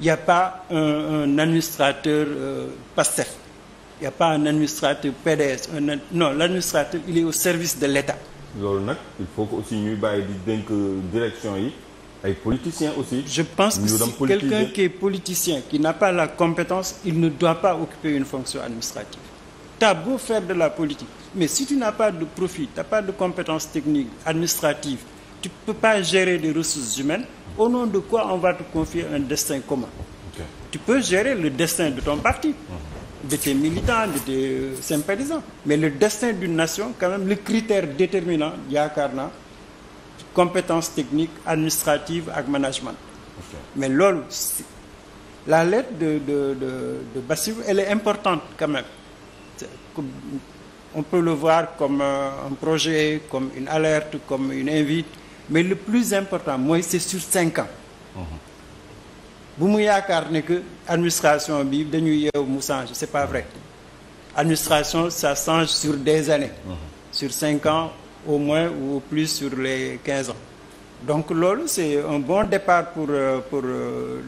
il n'y a pas un, un administrateur euh, PASTEF, il n'y a pas un administrateur PDS, un, non, l'administrateur, il est au service de l'État. loolu nag il faut que aussi ñuy bàyyi di dénk direction yi ay politiciens aussi. je pense que si quelqu'un qui est politicien qui n'a pas la compétence il ne doit pas occuper une fonction administrative t'as beau faire de la politique mais si tu n'as pas de profil t'as pas de compétences techniques administratives tu peux pas gérer des ressources humaines au nom de quoi on va te confier un destin commun okay. Tu peux gérer le destin de ton parti, mhm. de tes militants, de tes sympathisants, mais le destin d'une nation, quand même, le critère déterminant, yaakaar naa compétences techniques, administratives ak management. Okay. Mais loolu de de de de Bassirou elle est importante quand même. On peut le voir comme euh, un projet, comme une alerte, comme une invite. mais le plus important mooy c'est sur cinq ans bu mu yaakaar ne que administration bi dañuy yeew mu change c'est pas vrai administration ça change sur des années uh -huh. sur cinq ans au moins ou au plus sur les quinze ans donc loolu c'est un bon départ pour euh, pour euh,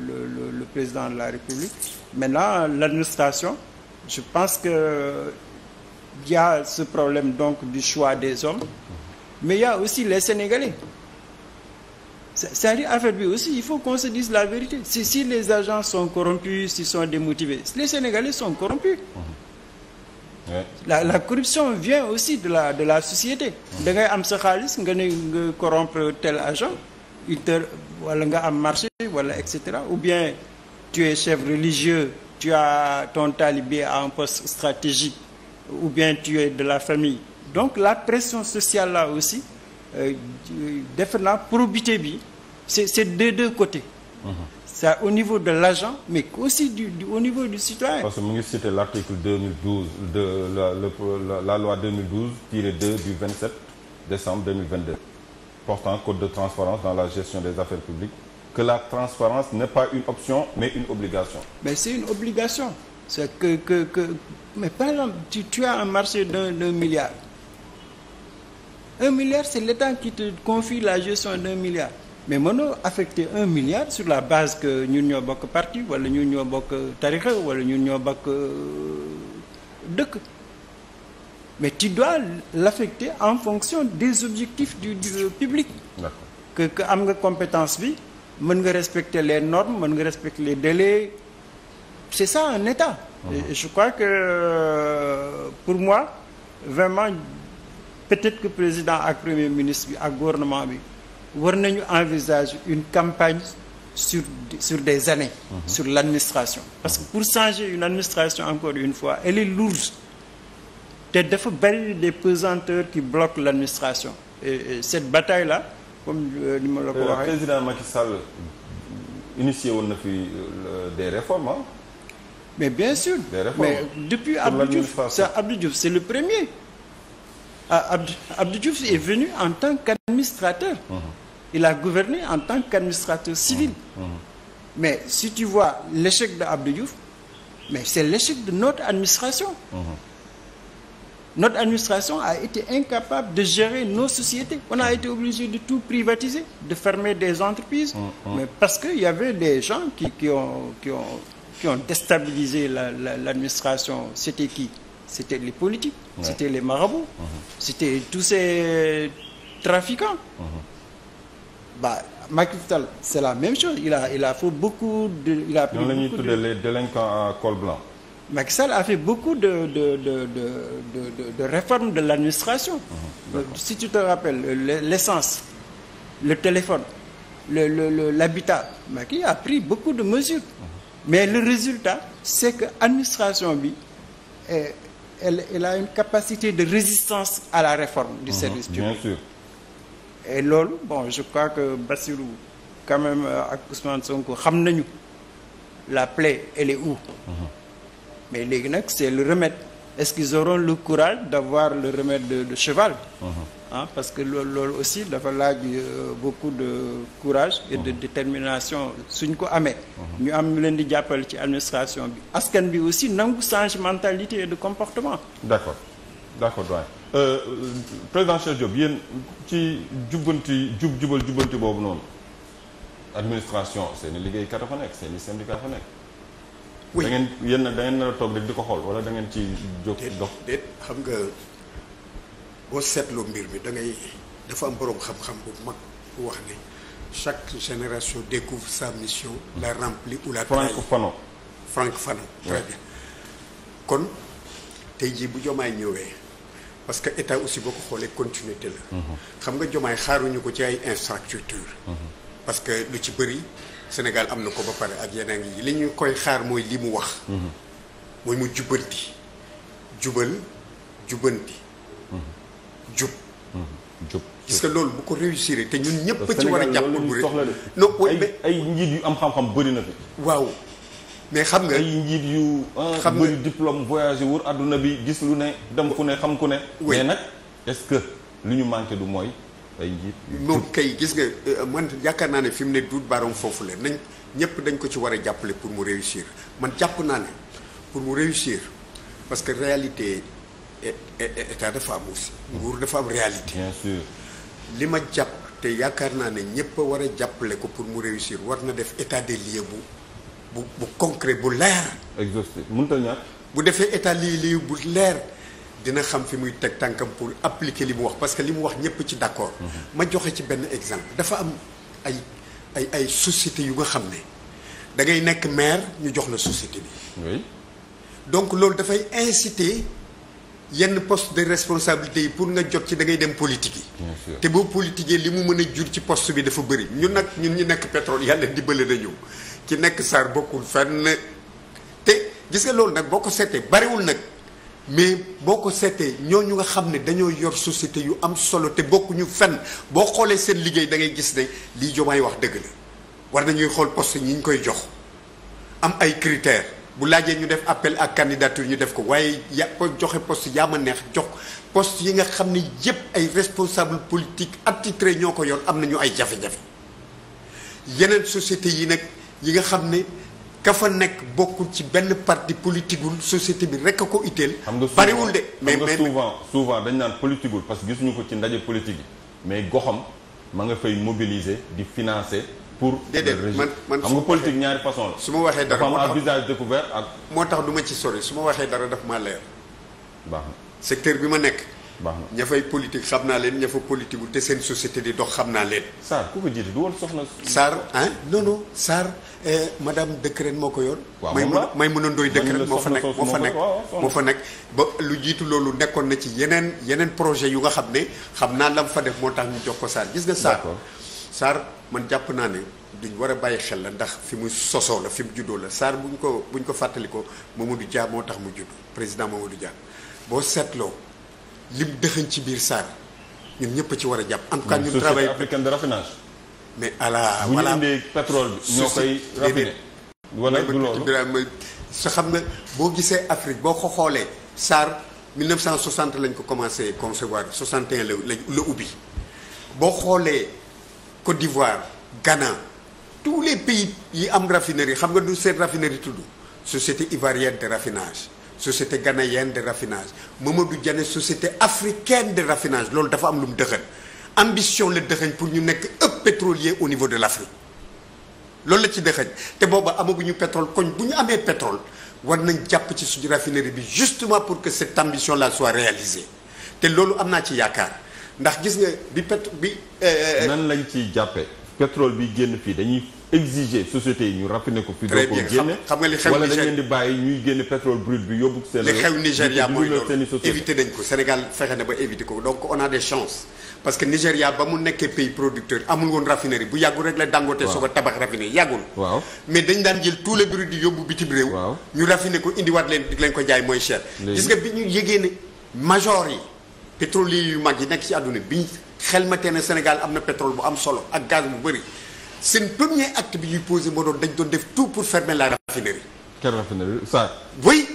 le, le, le président de la République maintenant l'administration je pense que il y a ce problème donc du choix des hommes mais il y a aussi les Sénégalais C'est-à-dire, affaire bi aussi, il faut qu'on se dise la vérité. Si, les agents sont corrompus, s'ils sont démotivés, les Sénégalais sont corrompus. Mmh. Ouais. La, la corruption vient aussi de la, de la société. Mhm. da am sa xaalis nga ne nga corrompre tel agent il te wala nga am marché wala et cetera ou bien tu es chef religieux tu as ton talibé à un poste stratégique ou bien tu es de la famille. donc la pression sociale là aussi. Euh, defe naa probité bi c'est c'est des deux côtés uh-huh. ça au de l'agent mais aussi au niveau du citoyen parce que mu ngi cité l'article 2012 de la, le, la, la loi 2012-2 du 27 décembre 2022 portant code de transparence dans la gestion des affaires publiques que la transparence n'est pas une obligation mais c'est une obligation que que que mais par exemple tu, tu marché d'un d'un milliard un milliard c'est l'État qui te confie la gestion d'un milliard mais mënoo affecter un milliard sur la base que ñun ñoo bokk parti wala ñu ñoo bokk tarixa wala ñu ñoo bokk euh, dëkk mais tu dois l'affecter en fonction des objectifs du, du public d'accord que am nga compétence bi mën nga respecter les normes mën nga respecter les délais c'est ça un État mmh. je crois que euh, pour moi vraiment peut-être que président ak premier ministre bi ak gouvernement bi war nañu envisager une campagne sur sur des années mm -hmm. sur l'administration parce que pour changer une administration encore une fois elle est lourde te dafa bari des pesanteurs qui bloquent l'administration et, et cette bataille là comme euh, ni la ko euh, waxee président Macky Sall initié woon na fi euh, des réformes hein? mais bien sûr des réformes mais depuis Abdou Diouf c'est Abdou Diouf c'est le premier Euh, Abdou Diouf est venu en tant qu'administrateur. Il a gouverné en tant qu'administrateur civil. Mais si tu vois l'échec d'Abdou Diouf, mais c'est l'échec de notre administration. Notre administration a été incapable de gérer nos sociétés. On a été obligé de tout privatiser, de fermer des entreprises. Mais parce qu'il y avait des gens qui, qui, ont, qui, ont, qui ont déstabilisé l'administration. La, la, C'était qui c'était les politiques, c'était les marabouts, uh mhm. -huh. c'était tous ces trafiquants. Uh mhm. -huh. bah, Macky c'est la même chose il a il a fait beaucoup de. a pris beaucoup de la ñuy tuddee les délinquants à a fait beaucoup réformes de l'administration. Mhm. Euh, si tu te rappelles l'essence le téléphone l'habitat Macky a pris beaucoup de mesures. mais le résultat c'est que administration bi. elle, elle a une capacité de résistance à la réforme du mmh, service public. Bien sûr. et loolu bon je crois que Bassirou quand même euh, ak Ousmane Sonko xam nañu la plaie elle est où. Mmh. mais léegi nag c'est le remède est-ce qu'ils auront le courage d'avoir le remède de, de cheval. Mmh. ah parce que loolu loolu aussi dafa laaj euh, beaucoup de courage et de détermination suñ ko amee ñu am ñu leen di jàppale ci administration bi askan bi aussi nangu change mentalité et de comportement d'accord d'accord doyen euh, euh, président Cheikh Diop yéen ci jubbanti jub jubal jubbanti boobu noonu administration seeni liggéeykat a fa nekk seeni syndicat fa nekk da ngeen yéen da ngeen nar a toog di ko xool wala da ngeen ci jóg dox déet xam nga boo seetloo mbir mi da ngay dafa am boroom xam-xam bu mag bu wax ne chaque génération découvre sa mission la remplit ou la trahit Franck Fanon Franck Fanon kon tey jii bu jomaay ñëwee parce que état aussi boo ko xoolee continuité la mhm. xam nga jomaay xaaruñu ko ci ay infrastructure mhm. parce que lu ci bëri Sénégal am na ko ba pare ak yeneen yi li ñu koy xaar mooy li mu wax mhm. mooy mu jubbanti jubal jubbanti jub. Mm-hmm. jub parce que loolu bu ko réussir te ñun ñëpp ci war a jàpp bu rek no ay ay njiit yu am xam-xam bëri na fi. waaw mais xam nga. ay njiit yu. Ah, xam nga bëri diplôme voyagé wër àdduna bi gis lu ne dem ku ne xam ku ne. mais nag est-ce que lu ñu manqué du mooy. ay njiit moom kay gis nga euh, man yaakaar naa ne fi mu ne duut baaroom foofu la nañ ñëpp dañ ko ci war a jàppale pour mu réussir man jàpp naa ne pour mu réussir parce que réalité. état dafa am aussi. nguur dafa am réalité. bien sûr li ma jàpp te yaakaar naa ne ñëpp a war a jàppale ko pour mu réussir war na def état des lieux bu bu bu concret bu leer. exhaustif mënut a ñàkk. bu defee état des lieux bu leer dina xam fi muy teg tànkam pour appliquer li wax parce que li mu wax ñëpp ci d' accord. Mhm. ma joxe ci benn exemple dafa am ay ay ay société yu nga xam ne da ngay nekk maire ñu jox la société bi. donc loolu dafay inciter. yenn post de responsabilité yi pour nga jot ci da ngay dem politique yi te boo politiquee li mu mën a jur ci post bi dafa bëri ñun nag ñun ñu nekk pétrole yàlla dimbale nañu ci nekk saar bokkul fenn te gis nga loolu nag boo ko seetee bariwul nag mais boo ko seetee ñoo ñu nga xam ne dañoo yor société yu am solo te bokkuñu fenn boo xoolee seen liggéey da ngay gis ne lii jomaay wax dëgg la war nañuy xool poste ñi ñu koy jox am ay critères bu laajee ñu def appel ak candidature ñu def ko waaye ya ko joxe post yaa ma neex jox poste yi nga xam ne yépp ay responsable politique attitré ñoo ko yoon am nañu ay jafe-jafe yeneen société yi nag yi nga xam ne ka fa nekk bokkul ci benn parti politiqueul société bi rek a ko itteel. bariwul de mais mais souvent souvent dañ naan politiqueul parce que gisuñu ko ci ndaje politique yi mais goxam ma nga fay mobiliser di financer. pour déedéet man man xam nga politique ñaari façon su ma waxee dara moo tax visage découvert ak moo tax du ci sori su ma waxee dara daf ma leer baax na secteur bi ma nekk baax na ña fay politique xam naa leen ña fa politique te seen société di dox xam naa leen Sarr ku ko jiite du woon soxna Sarr ah non non Sarr eh, madame Décrène moo ko yor may mun may mun a ndooy Décrène moo fa nekk moo fa nekk moo fa nekk ba lu jiitu loolu nekkoon na ci yeneen yeneen projet yu nga xam ne xam naa la mu fa def moo tax ñu jox ko Sarr gis nga Sarr Sarr man jàpp naa ne duñ war a bàyyi xel la ndax fi mu sosoo la fi mu juddoo la Sarr buñ ko buñ ko fàttali ko fàttalikoo Mamadou Dia moo tax mu judd président du Dia boo seetloo lim dëxëñ ci biir Sarr ñun ñëpp ci war a jàpp. en tout cas ñun travail africaine de raffinage. mais ala voilà bu ñu indee pétrole bi ñoo koy raffiner wala du loolu sa xam nga boo gisee Afrique boo ko xoolee Sarr 1960 lañ ko commencé concevoir 61 la la ubbi boo xoolee. Côte d'Ivoire Ghana tous les pays yi am raffinerie xam nga du seen raffinerie tudd société ivoirienne de raffinage société ghanéenne de rafinage raffinage Mamadou Diané société africaine de rafinage loolu dafa am lu mu dëxën ambition la dëxëñ pour ñu nekk ëpp pétrolier au niveau de l'Afrique loolu la ci dëxëñ te booba amaguñu pétrole koñ bu ñu amee pétrole war nañ jàpp ci suñu raffinerie bi justement pour que cette ambition là soit réalisée te loolu am naa ci yaakaar ndax gis nga bi pét bi. Eh, eh, eh. nan lañ ciy jàppe pétrole bi génn fii dañuy exiger société yi ñu raffiné ko. fii doo ko génne dañ leen di bàyyi ñuy génne pétrole brut bi yóbbu seen. li xew Nigéria mooy loolu éviter nañ ko Sénégal on a parce que Nigéria ba mu nekkee pays producteur amul bu yàggul rek la Dangote soo ko tabax raffiné yàggul waaw mais dañ daan jël tous les produits di yóbbu bitim réew ñu raffiné ko indiwaat leen di lañ ko jaay mooy cher gis nga bi ñu yëgee ne major yi pétroliers yu mag yi nekk ci àdduna bi xelmatee ne Sénégal am na pétrole bu am solo ak gaz bu bëri seen premier acte bi ñuy posé moo doon dañ doon def tout pour fermer la raffinerie. quelle raffinerie ça. oui.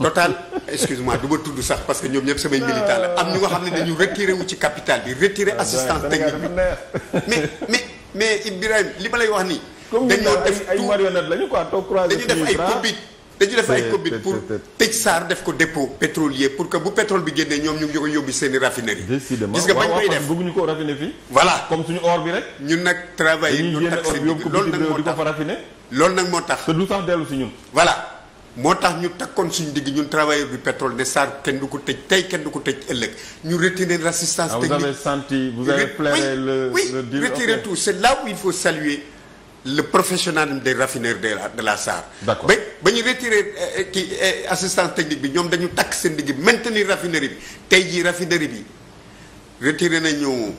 total excuse-moi du tudd sax parce que ñoom ñëpp samay militant la am ñu nga xam ne dañu retiré wu ci capital bi retiré assistance technique bi mais mais Ibrahim li ma lay wax nii. dañoo def tout comme ay marionnettes lañu dañu def ay dañu def ay commune pour tëj saar def ko dépôt pétrolier pour que bu pétrole bi génnee ñoom ñu ngi ko yóbbu seen i raffinerie décidément gis nga bañ koy def bëgguñu ko raffiner fii voilà comme suñu or bi rek ñu taxi loolu nag moo tax loolu nag si ñun voilà moo tax ñu takkoon suñu digg ñun travailleur du pétrole ne SAR kenn du ko tëj tey kenn du ko tëj ëllëg ñu retirer l'assistance ah, technique vous avez senti le oui tout c'est là il faut saluer le professionnalisme des raffineurs de la de la SAR. d'accord ba ba ñu retiré euh, euh, kii euh, assistance technique bi ñoom dañu takk seen digg maintenir raffinerie bi tey jii raffinerie bi retiré nañu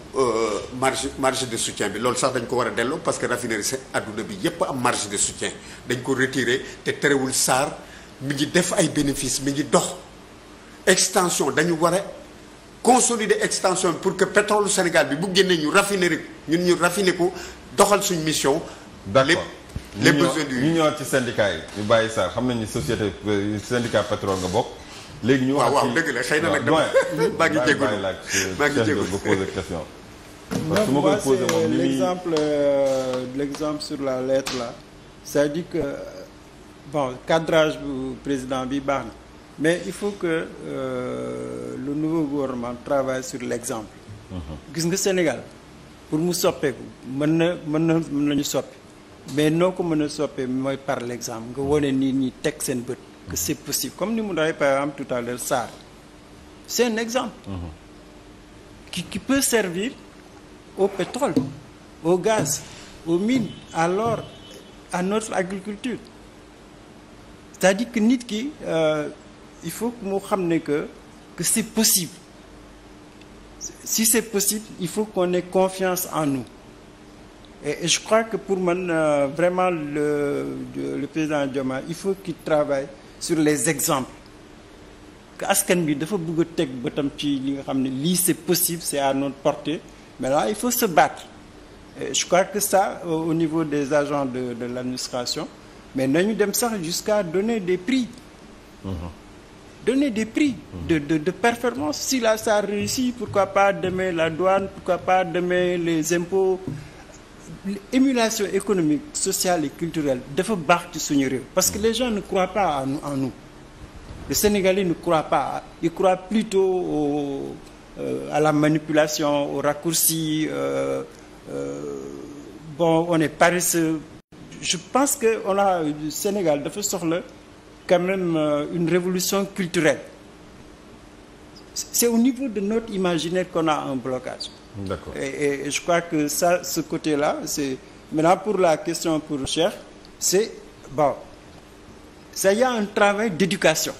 marge marge de soutien bi loolu sax dañ ko war a delloo parce que raffinerie seen adduna bi yépp am marge de soutien dañ ko retiré te terewul SAR mi ngi def ay bénéfices mi ngi dox extension dañu war a consolider extension pour que pétrole Sénégal bi bu génnee ñu raffinerie ñun ñu raffiné ko doxal suñ mission. lépp les besoins du ñu ci syndicat yi ñu bàyyi Sarr xam na nañu société euh, syndicat pétrole nga bokk léegi ñu waaw waaw dëgg la xëy na nag dama maa ngi jégalu euh, maa ngi jégalu ba poser question parce que ma koy euh, sur la lettre la c'est-à-dire que bon cadrage bu président bi baax na mais il faut que euh, le nouveau gouvernement travaille sur l'exemple mhm. gis nga Sénégal pour mu soppeeku mën na mën na mën ñu soppi mais noo ko mën a soppee mooy par l'exemple nga wone nit ñi teg seen bët que c'est possible comme ni mu dawee par exemple tout à l'heure Sarr c'est un exemple mm-hmm. qui qui peut servir au pétrole au gaz aux mines à l'or à notre agriculture c'est-à-dire que nit ki euh, il faut que mu xam ne que que c'est possible si c'est possible il faut qu'on ait confiance en nous Et, et je crois que pour man euh, vraiment le le président Diomaye il faut qu'il travaille sur les exemples que askan bi dafa bëgg a teg bëtam ci li nga xam ne lii c'est possible c'est à notre portée mais là il faut se battre et je crois que ça au niveau des agents de de l'administration mais nañu dem sax jusqu'à donner des prix mmh. donner des prix de de de performance si là ça réussit pourquoi pas demain la douane pourquoi pas demain les impôts émulation économique sociale et culturelle dafa baax ci suñu réew parce que les gens ne croient pas en nous le Sénégalais ne croit pas il croit plutôt euh, à la manipulation au raccourci euh, euh, bon on est paresseux je pense que on a Sénégal dafa soxla quand même euh, une révolution culturelle c'est au niveau de notre imaginaire qu'on a un blocage D'accord. je crois que ça, ce côté-là, c'est. Maintenant, pour la question pour le chef, c'est. Bon. Ça y a un travail d'éducation.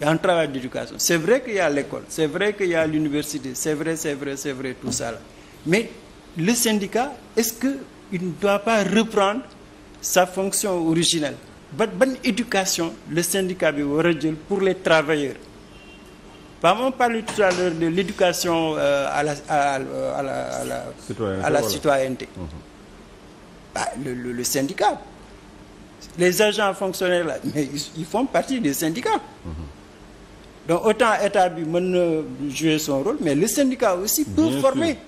Il y a un travail d'éducation. C'est vrai qu'il y a l'école, c'est vrai qu'il y a l'université, c'est vrai, c'est vrai, c'est tout ça. Là. Mais le syndicat, est-ce qu'il ne doit pas reprendre sa fonction originelle Bonne éducation, le syndicat pour les travailleurs. Par on parlait tout à l'heure de l'éducation euh, à la, à, à la, à la, mhm. le, syndicat. Les agents fonctionnaires, là, mais ils, ils font partie des syndicats. Mmh. Donc autant État bi mën na jouer son mais le syndicat aussi peut Bien former sûr.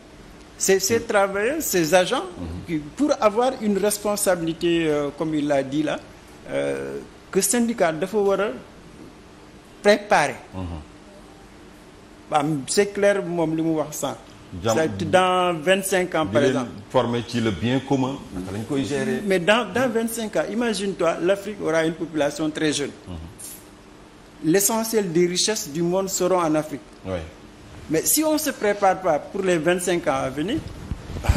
ces ces mhm. travailleurs, ces mhm. pour avoir une responsabilité, euh, comme il l'a dit là, euh, que syndicat dafa war a préparer. waaw c'est clair moom li mu wax sànq. c'est dans vingt cinq ans par exemple formé ci le bien commun lañ koy gérer mais dans dans vingt cinq ans imagine-toi l'Afrique aura une population très jeune mhm. l'essentiel des richesses du monde seront en Afrique mais si on se prépare pas pour les vingt cinq ans à venir bah,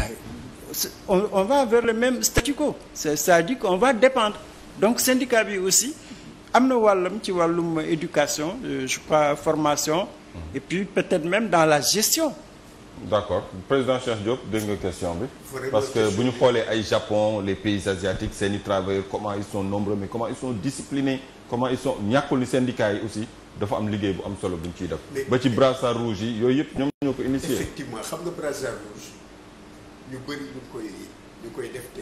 on, va vers le même statu quo c'est-à-dire qu'on va dépendre donc syndicat bi aussi am na wàllam ci wàllum éducation euh, je crois formation et puis peut-être même dans la gestion. d'accord président Cheikh Diop dégg nga question bi. parce que bu ñu xoolee ay Japon les pays asiatiques seen i travailleurs comment ils son nombreux mais comment ils sont disciplinés comment ils sont ñàkkul ni syndicats yi aussi dafa am liggéey bu am solo bu ñu ciy def. ba ci brassard rouge yi yooyu yëpp ñoom ñoo ko initié. effectivement xam nga brassard rouge ñu bëri ñu koy ñu koy def te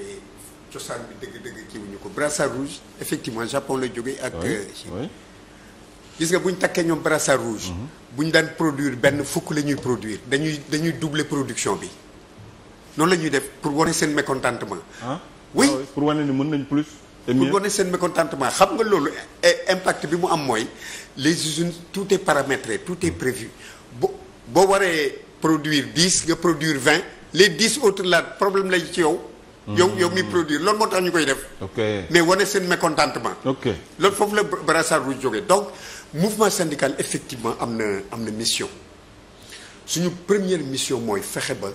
cosaan bi dëgg-dëgg kiiwuñu ko brassard rouge effectivement Japon la jógee ak. Euh, gis nga bu ñu takkee ñoom brassard rouge. Mhm. bu ñu daan produire benn fukk la ñuy produire dañuy dañuy doubler production bi noonu la ñuy def pour wane seen mécontentement. ah oui ah pour wane ni mën nañ plus. pour wane seen mécontentement xam nga loolu eh, impact bi mu am mooy les usines tout est paramétré tout est mhm. prévu bo boo waree produire dix nga produire vingt les dix autres là problème lay ci yow. Mhm. yow yow mi produire loolu moo tax ñu koy def. mais wane seen mécontentement. ok loolu foofu la brassard rouge jógee donc. mouvement syndical effectivement am na am na mission suñu première mission mooy fexe ba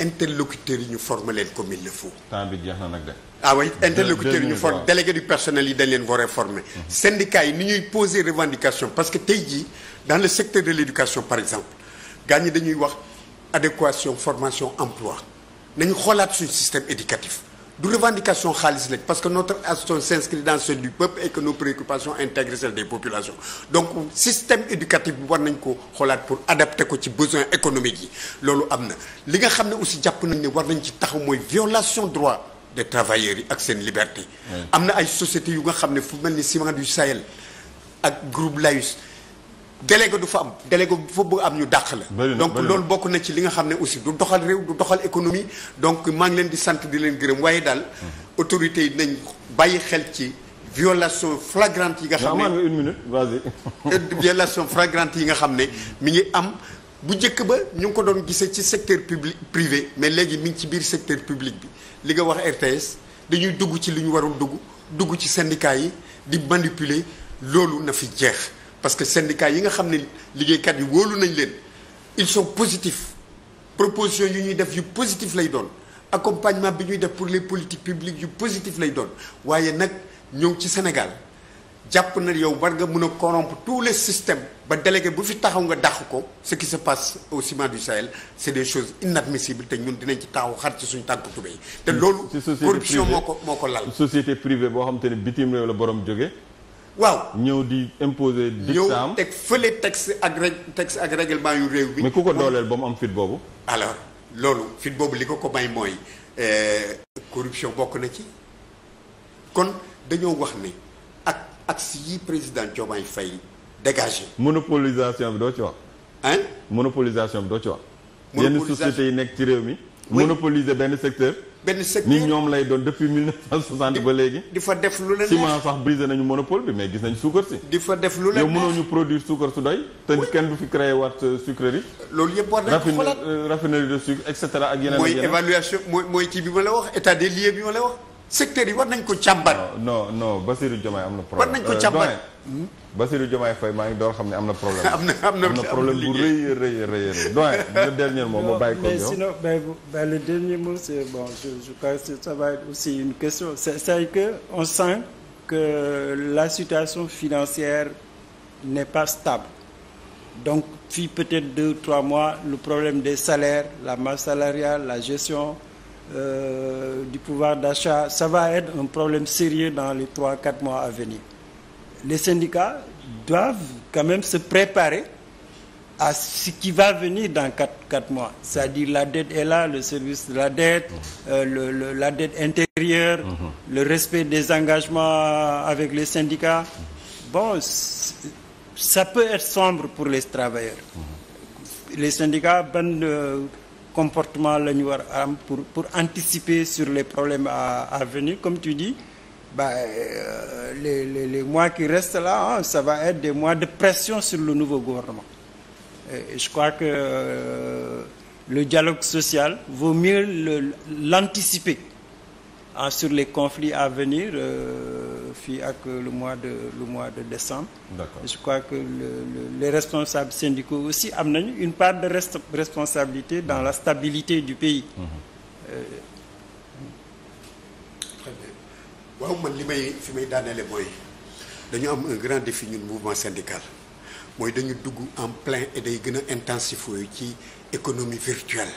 interlocuteurs yi ñu former leen comme il le faut. temps jeex na nag de. ah oui interlocuteurs ñu former délégué du personnel yi dañ leen war a former. Mhm. syndicats yi ni ñuy poser revendication parce que tey jii dans le secteur de l' par exemple gars ñi dañuy wax adéquation formation emploi nañu xoolaat suñu système éducatif. du revendication xaalis lañ parce que notre action s'inscrit dans celle du peuple et que nos des populations donc système éducatif bi war nañ ko xoolaat pour adapter ko ci besoin économique yi loolu am na li nga xam ne aussi jàpp nañ ne war nañ ci taxaw mooy violation droit des travailleurs yi ak seen liberté am na ay sociétés yu nga xam ne fu mel ni Ciments du Sahel ak groupe Laus délégué du fa am délégué bu fa am ñu dàq la donc loolu bokk na ci li nga xam ne aussi du doxal réew du doxal économie donc maa ngi leen di sant di leen gërëm waaye daal mhm. autorités yi nañ bàyyi xel ci violation flagrante yi nga xam ne une minute vas-y euh, violation flagrante yi nga xam ne mi ngi am bu njëkk ba ñu ngi ko doon gisee ci secteur public privé mais léegi mi ngi ci biir secteur public bi li nga wax RTS dañuy dugg ci li ñu warul dugg dugg ci syndicat yi di manipuler loolu na fi jeex parce que syndicat yi nga xam ne liggéeykat yi wóolu nañ leen il sont positifs proposition yu ñuy def yu positif lay doon accompagnement bi ñuy def pour les politiques publiques yu positif lay doon waaye nag ñëw ci Sénégal jàpp na yow war nga mën a corrompre tous les systèmes ba délégué bu fi taxaw nga dàq ko ce qui se passe au ciment du Sahel c'est des choses inadmissibles te ñun dinañ ci taxaw xar ci suñu tànk tubéy te loolu corruption moo ko moo ko lal société privée boo xam ne bitim réew la borom jóge waaw ñëw di imposer. dictaam ñëw teg fële texte ak ré texte ak règlement yu réew bi mais ku ko dooleel ba mu am fit boobu. alors loolu fit boobu li ko ko may mooy euh, corruption bokk na ci kon dañoo wax ni ak ak si yi président Diomaye Faye dégagé. monopolisation bi doo ci wax. hein monopolisation bi doo ci wax. monopolisation yenn sociétés yi nekk ci réew mi. monopoliser benn secteur. benn secteur ñoom lay doon depuis 1960 ba léegi. di fa def lu leen ciment sax brisé nañu monopole bi mais gis nañ suukar si. di fa def lu leen yow mënoo ñu produire suukar su day te kenn du fi créé waat euh, sucrerie. loolu yëpp war nañ ko xoolaat euh, raffinerie de sucre et cetera ak yeneen. mooy évaluation mooy mooy bi ma la wax état des lieux bi ma la wax. secteur yi war nañ ko càmbar. non non Basirou Diomaye am na problème. war nañ ko euh, maa ngi door xam ne am na problème. am na am na problème bu rëy rëy dernier mot ma bàyyi ko. mais sinon mais mais le dernier mot c'est bon aussi une question c'est c'est que on sent que la situation financière n'est pas stable donc fii peut-être deux trois mois le problème des salaires la masse la gestion. Euh, du pouvoir d'achat, ça va être un problème sérieux dans les trois quatre mois à venir. Les syndicats doivent quand même se préparer à ce qui va venir dans 4, 4 mois. C'est-à-dire la dette est là, le service de la dette, euh, le, la dette intérieure, mhm. le respect des engagements avec les syndicats. Bon, ça peut être sombre pour les travailleurs. Mhm. Les syndicats, ben, euh, comportement la ñu war am pour pour anticiper sur les problèmes à, à venir comme tu dis bah euh, les, les mois qui restent là hein, va être des mois de pression sur le nouveau gouvernement et je crois que euh, le dialogue social vaut mieux l'anticiper en euh, sur les conflits à venir euh, fii ak le mois de le mois de décembre. D'accord. je crois que le, le, les syndicaux aussi am nañu une part de rest responsabilité dans la stabilité du pays. Mhm. Euh, waaw man li may fi may daaneele mooy dañu am un grand défi ñun mouvement syndical mooy dañu dugg en plein et day gën a intensifié ci économie virtuelle.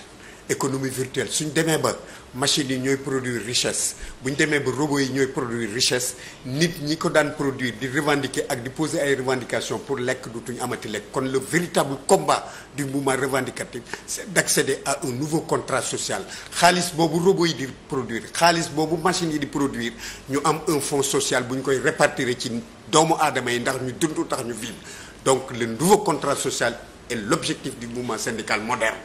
économie virtuelle suñ demee ba machines yi ñooy produir richesse bu ñu demee ba robots yi ñooy produire richesse nit ñi ko daan produire di revendiquer ak di poser ay revendications pour lekk dutuñ amati lekk kon le véritable combat du mouvement revendicatif c'est d'accéder à un nouveau contrat social xaalis boobu robots yi di produire xaalis boobu machine yi di produire ñu am un fonds social bu ñu koy répartir ci doomu aadama yi ndax ñu dund tax ñu vivre donc le nouveau contrat social est l'objectif du mouvement syndical moderne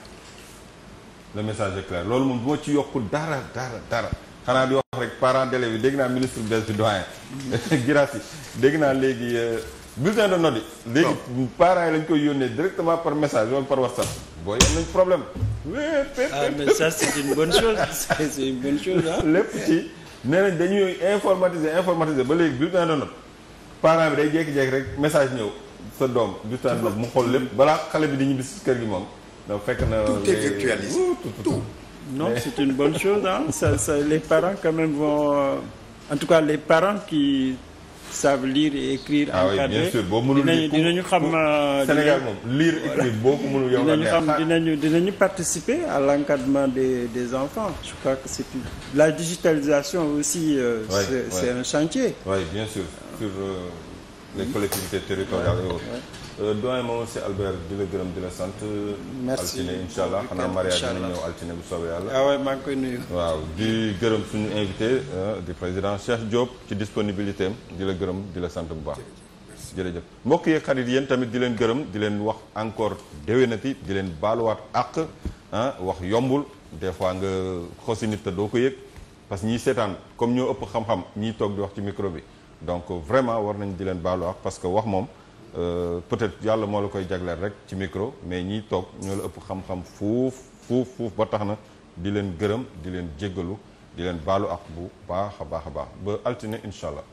le message loolu moom boo ci yokkul dara dara dara xanaa di wax rek parents d'élèves yi dégg naa ministre des doyen Guirassy dégg naa léegi euh, bulletin de note yi léegi parents yi lañ koy yónnee directement par message wala par WhatsApp boo yam nañ problème ah mais ça c'est une bonne chose c'est une lépp ci nee dañuy informatiser informatiser ba léegi bulletin de note parent bi day jékki-jékki rek message ñëw sa doom bulletin de note mu xool lépp balaa xale bi di bis si kër gi moom donc fekk na tout est virtualisé tout non c'est une bonne chose les parents quand même vont euh, en tout cas les parents qui savent lire et écrire. ah oui bien sûr xam. Euh, Sénégal moom lire écrire boo ko mënul yow dinañu xam ah. dinañu dinañu participer à l'encadrement des des enfants je crois que c'est la digitalisation aussi. Euh, c'est c'est un chantier. oui bien sur les collectivités territoriales et Euh, doyen moom si Albert di la gërëm di la sant. merci altine incha allah xanaa mariage dina ñëw altine bu soobee yàlla. ah waay maa waaw di gërëm suñu invité euh, di président Cheikh Diop ci disponibilité am di la gërëm di la sant bu baax. jërëjëf mbokk yeeg xarit yéen tamit di leen gërëm di leen wax encore déwénati di leen baaluwaat àq ah, wax yombul des fois nga xosi nit te doo ko yëg parce que ñi seetaan comme ñoo ëpp xam-xam ñiy toog di wax ci micro bi donc vraiment war nañ di leen baalu àq parce que wax moom. Euh, peut-être yàlla moo la koy jagleel rek ci micro mais ñiy toog ñoo la ëpp xam-xam fuuf fuuf fuuf ba tax na di leen gërëm di leen jéggalu di leen baalu ak bu baax a baax a baax ba altine incha allah.